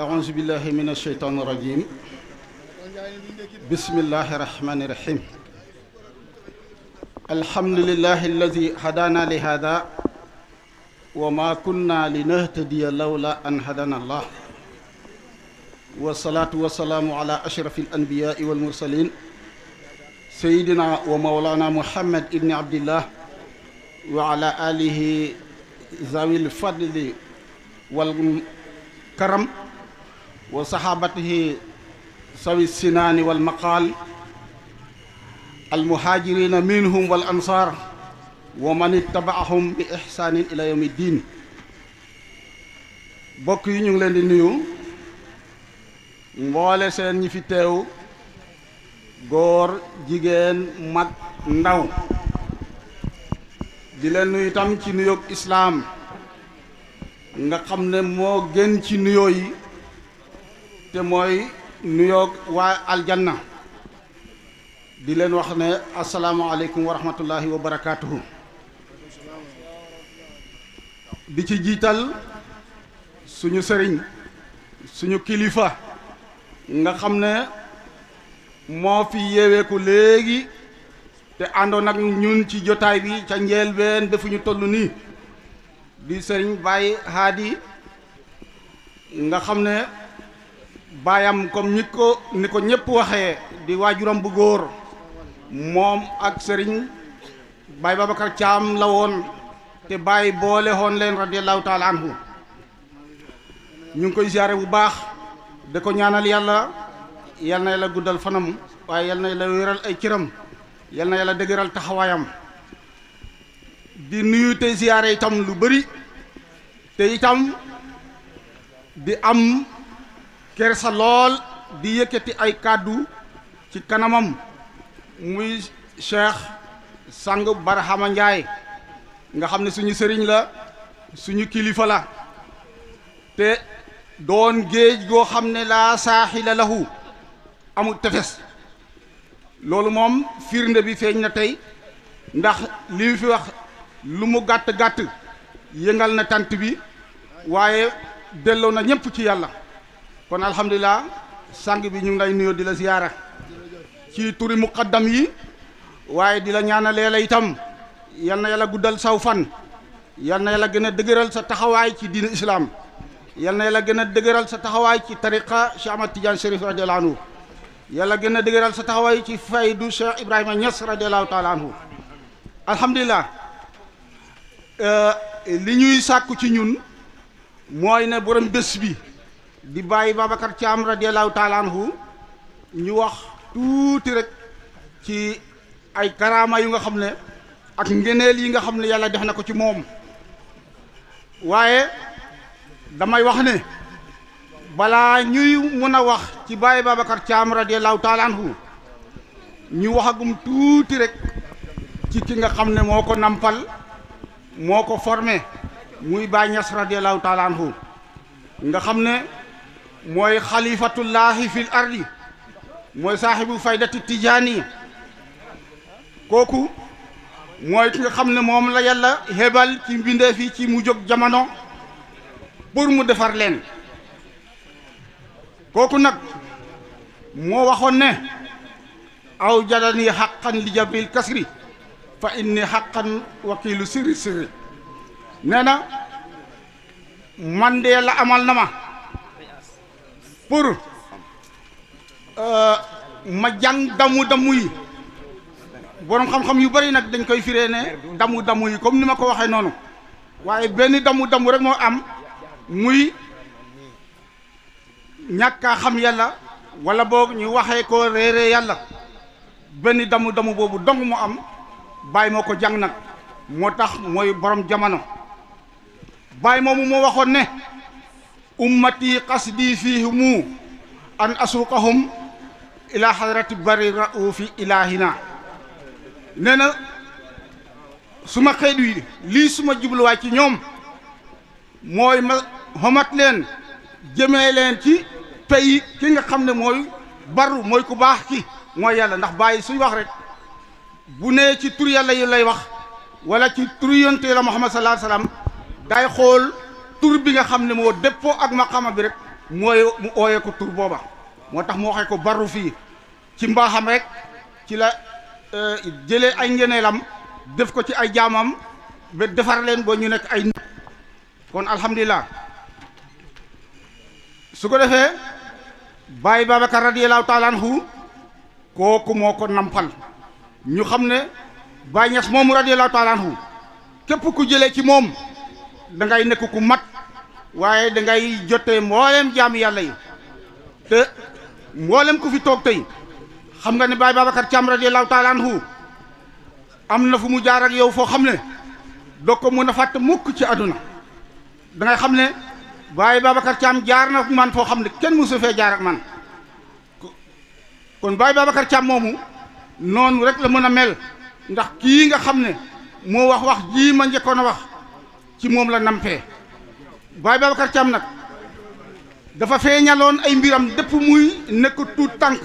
أعوذ بالله من الشيطان الرجيم بسم الله الرحمن الرحيم الحمد لله الذي هدانا لهذا وما كنا لنهتدي لولا أن هدانا الله والصلاة والسلام على أشرف الأنبياء والمرسلين سيدنا ومولانا محمد ابن عبد الله وعلى آله ذوي الفضل والكرم وصحابته سوي السنان والمقال المهاجرين منهم والأنصار ومن اتبعهم بإحسان إلى يوم الدين بكي نيو لين دي نيو مبالي في تيو غور جيجين مات ناو دي لين نيو تام نيو اسلام nga xam ne moo gën ci nuyoo yi te mooy nuyoo waa aljanna di leen wax ne asalaamaaleykum wa rahmatullahi wa barakaatuhu di ci jiital suñu sëriñ suñu kilifa nga xam ne moo fi yeeweeku léegi te àndoon ak ñun ci jotaay bi ca njëlbeen ba fu ñu toll nii di sëriñ Baye Haadi nga xam ne baayam comme nit ko ni ko ñëpp waxee di waajuram bu góor moom ak sëriñ Baye Babacar Caam la woon te Baye boole woon leen radiallahu taala anhu ñu ngi koy ziare bu baax da ko ñaanal yàlla yal na yàlla guddal fanam waaye yal na yàlla wéral ay cëram yal na yàlla dëgëral taxawaayam di nuyu tey ziare itam lu bëri te itam di am kersa lool di yëkkati ay kàddu ci kanamam muy Cheikh Sang Barhama Ndiaye nga xam ne suñu sëriñ la suñu kilifa la te doon géej goo xam ne laa saaxila lahu amul tefes loolu moom firnde bi feeñ na tey ndax li fi wax lu mu gàtt gàtt yëngal na tànt bi waaye delloo na ñëpp ci yàlla kon alhamdulilah sang bi ñu ngi lay nuyoo di la ziyaara ci turi muqaddam yi waaye di la ñaanalee la itam yal na yàlla guddal saw fan yal na yàlla gën a dëgëral sa taxawaay ci diine islaam yal na yàlla gën a dëgëral sa taxawaay ci tariqa Cheikh Ahmad Tidiane Chérif radiyallahu anhu gën a dëgëral sa taxawaay ci faydu Cheikh Ibrahima Niass radiyallahu taala anhu euh, li ñuy sàkku ci ñun mooy ne borom bés bi di bàyyi Babacar Thiam radiallahu taala anhu ñu wax tuuti rek ci ay karaama yu nga xam ne ak ngeneel yi nga xam ne yàlla def na ko ci moom waaye damay wax ne balaa ñuy mën a wax ci bàyyi Babacar Thiam radiallahu taala anhu ñu waxagum tuuti rek ci ki nga xam ne moo ko nampal moo ko forme muy Baay Ñas nga xam ne mooy xalifatullahi fil ardi mooy saaxibu faydati tijaani kooku mooy ki nga xam ne moom la yàlla hebal ci mbindeef yi ci mu jóg jamono pour mu defar leen kooku nag moo waxoon ne aw jalani xaqan li kasri fa inni xaqan wakiilu sirri sirri nee na man de yàlla amal na ma pour euh, ma jàng dammu dammu yi boroom xam-xam yu bari nag dañ koy firee ne dammu damu yi comme ni ma ko waxee noonu waaye benn dammu dammu rek moo am muy ñàkkaa xam yàlla walla boog ñu waxee ko réeree yàlla benn dammu dammu boobu dong mu am bàyyi moo ko jàng nag moo tax mooy borom jamono baay moomu moo waxoon ne ummati qasdi fihimu an asuqahum ila xadrati bari raufi ilahina nee na suma xeet wi lii suma jubluwaay ci ñoom mooy ma xomat leen jëmee leen ci pay ki nga xam ne mooy baru mooy ku baax ki mooy yàlla ndax bàyyi suy wax rek bu nee ci tur yàlla yi lay wax wala ci tur yonte la Muhammad sallallahu alayhi wa day xool tur bi nga xam ne moo déppoo ak maqama bi rek mooy mu ooyee ko tur booba moo tax mu waxee ko barru fii ci mbaaxam rek ci la euh, jëlee ay ngeneelam def ko ci ay jaamam ba defar leen ba ñu nekk ay nit kon alhamdulilah su ko defee bàyyi Babacar radiyallahu taala anhu kooku moo ko nampal ñu xam ne Baay Ñas moomu radiyallahu taala anhu képp ku jëlee ci moom dangay nekk ku mat waaye dangay jotee mboolem jaam yàlla yi te mboolem ku fi toog tey xam nga ne Baye Babacar Thiam radiyallahu taala anhu am na fu mu jaar yow foo xam ne doo ko mën a fàtte mukk ci àdduna dangay xam ne baay Babacar caam jaar na man foo xam ne kenn mosu fee jaar man kon Baye Babacar Thiam moomu noonu rek la mën a mel ndax kii nga xam ne moo wax wax jii ma njëkkoon a wax ci moom la nampee Baye Babacar Thiam nag dafa feeñaloon ay mbiram dëpp muy nekk tuut tànk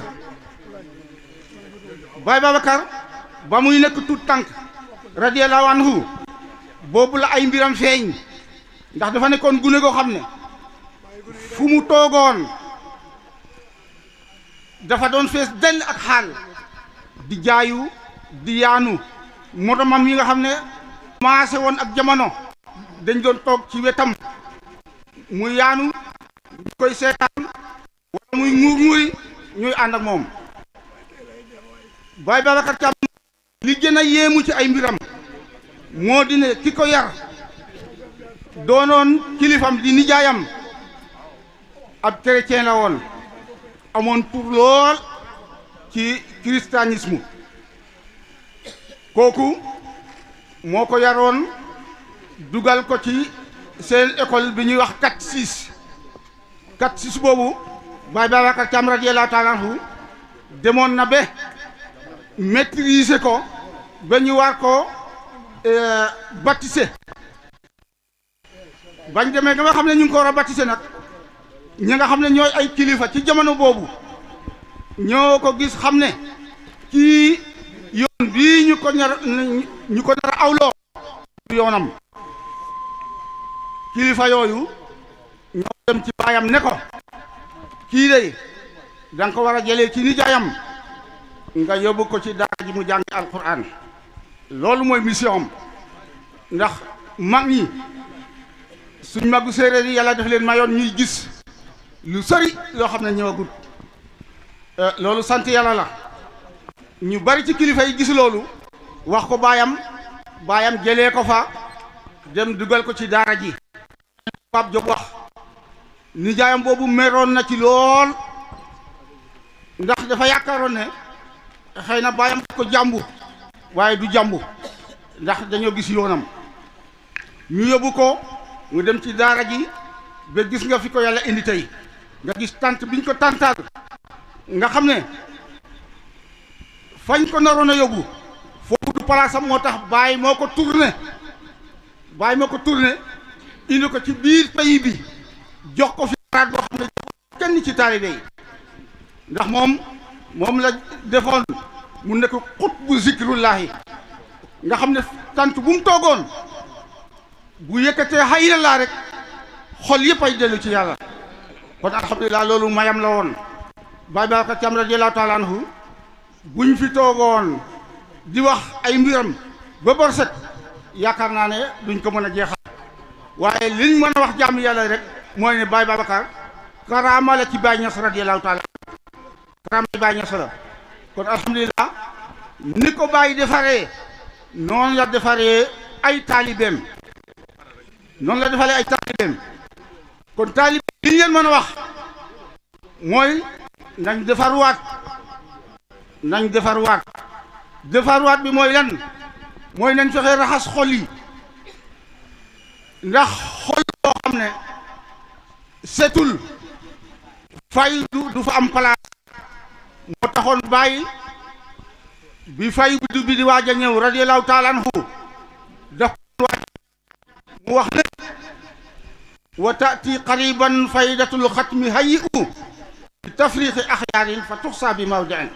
Baye Babacar ba muy nekk tuut tànk radiyallahu anhu boobu la ay mbiram feeñ ndax dafa nekkoon gune goo xam ne fu mu toogoon dafa doon fees dell ak xaal di jaayu di yaanu motomam yi nga xam ne maase woon ak jamono dañ doon toog ci wetam mu yaanu ñu koy seetaan wala muy muur muuri ñuy ànd ak moom Baay Babacar Thiam li gën a yéemu ci ay mbiram moo di ne ki ko yar doonoon kilifam di nijaayam ab chrétien la woon amoon pour lool ci christianisme kooku moo ko yaroon dugal ko ci seen école bi ñuy wax 4 6 4 6 boobu Baay Babacar Thiam radiyallaahu taala anhu demoon na ba maîtriser ko ba ñu war ko euh, baptiser bañ demee ba nga xam ne ñu ngi ko war a batisé nag ñi nga xam ne ñooy ay kilifa ci jamono boobu ñoo ko gis xam ne kii yoon bi ñu ko ñar ñu ko nar awloo yoonam kilifa yooyu ñoo dem ci dan ne ko kii day da ko war a jëlee ci nijaayam nga ko ci daara ji mu jàng alquran loolu mooy mission am ndax mag ñi suñ magu séeréer yi yàlla def leen mayon ñuy gis lu sori loo xam ne ñëwagut euh, la ñu bari ci kilifa yi gis loolu wax ko bayam ko fa dem dugal ko ci daara ji Pape Diop wax nijaayam boobu meroon na ci lool ndax dafa yaakaaroon ne xëy na baayam ko jàmbu waaye du jàmbu ndax dañoo gis yoonam ñu yóbbu ko mu dem ci daara ji ba gis nga fi ko yàlla indi tey nga gis tànt biñ ko tàntaal nga xam ne fañ ko naroon a yóbbu foofu du palaasam moo tax baay moo ko tourné baay moo ko tourné indi ko ci biir pays bi jox ko fi xalaat boo xam ne kenn ci taalibe yi ndax moom moom la defoon mu nekk xutbu zikrullahi nga xam ne tant bu mu toogoon bu yëkkatee hayla laa rek xol yëpp ay dellu ci yàlla kon alhamdulilah loolu mayam la woon baay Babacar Thiam radiyallahu taala anhu buñ fi toogoon di wax ay mbiram ba borset yaakaar naa ne duñ ko mën a jeexal waaye liñ mën a wax jàmm yàlla rek mooy ne Baye Babacar karaama la ci Baye Niass radiyallahu taala karaama ci Baye Niass la kon alhamdulilah ni ko Baye defaree noonu la defaree ay taalibeem noonu la defaree ay taalibeem kon taalibe liñ leen mën a wax mooy nañ defarwaat nañ defar defarwaat bi mooy lan mooy nañ fexe raxas xol ndax xol boo xam ne setul fay du du fa am place moo taxoon bàyyi bi fay bi du bi di waaj a ñëw radiyallahu taala anhu daf waaj mu wax ne wa taati qariban faydatul xatmi hayyi'u bi tafriqi axyaarin fa tuxsa bi mawdiin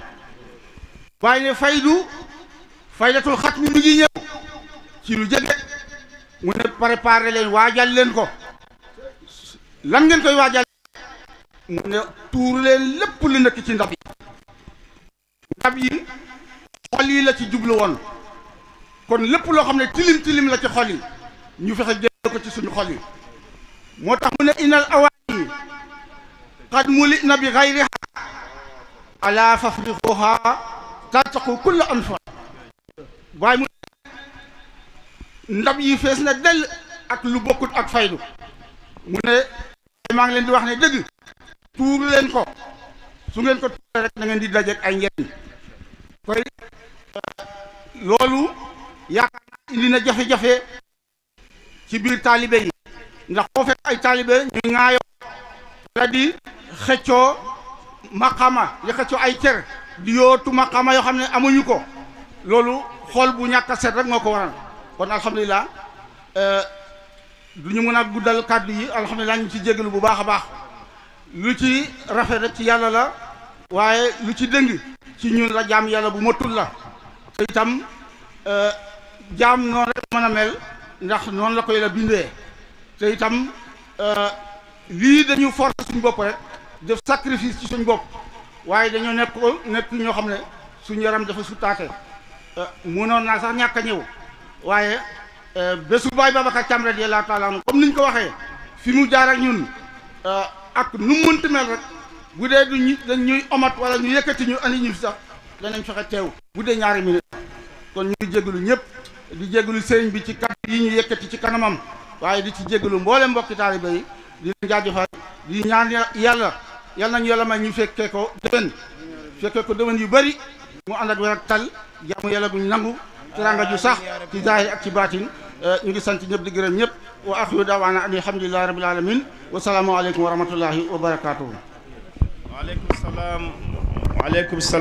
bàyyi ne faydu faydatul xatmi mu ngi ñëw ci lu jege mu ne préparé leen waajal leen ko lan ngeen koy waajal mu ne tuur leen lépp lu nekk ci ndab yi ndab yi xol yi la ci jublu woon kon lépp loo xam ne tilim tilim la ci xol yi ñu fexe génn ko ci suñu xol yi moo tax mu ne inal awaani qad muli na fa xayriha ala fafrixuha tattaqu kulla anfa waaye mu ndab yi fess na del ak lu bokut ak faydu mu ne maa ngi len di wax ne deug tour len ko su ngeen ko rek na ngeen di ak ay njëriñ koy loolu yaakaar indi na jafé jafé ci biir talibé yi ndax boo fekk ay talibé ñu ngaayo la di xëccio maqama ya xëccio ay cër di yootu maqama yo xamne amuñu ko loolu xol bu ñaka set rek moko waral kon alhamdulilah du ñu mën a guddal kàddu yi alhamdulilah ñu ci jégalu bu baax a baax lu ci rafet rek ci yàlla la waaye lu ci dëng ci ñun la jaam yàlla bu matul la te itam euh, jaam noonu rek mën a mel ndax noonu la ko yàlla bindee te itam euh, lii dañu forcer suñ bopp rek def sacrifice ci suñ bopp waaye dañoo nekk nekk ñoo xam ne suñ yaram dafa suttaake euh, mënoon naa sax ñàkk a ñëw waaye euh, bésu baay Babacar Thiam radiyallahu taala anhu comme niñ ko waxee fi mu jaar ak ñun euh, ak nu mu mënti mel rek bu dee du ñu dañ ñuy omat wala ñu yëkkati ñu andi ñu fi sax danañ fexe teew bu dee ñaari minute kon ñuy jégalu ñëpp di jégalu sëriñ bi ci kàddu yi ñu yëkkati ci kanamam waaye di ci jégalu mboole mbokki taalibe yi di leen jaajëfal di ñaan yàlla yal nañu yàlla may ñu fekkee ko déwén fekkee ko déwén yu bëri mu ànd ak wér ak tal jaamu yàlla guñ nangu teranga ju sax ci zaahir ak ci baatin euh, ñu ngi sant ñëpp di gërëm ñëpp wa axiru daawaana an alhamdulillahi rabbil alamin wa salaamu aleykum wa rahmatullahi wa barakaatuhu waaleykum salaam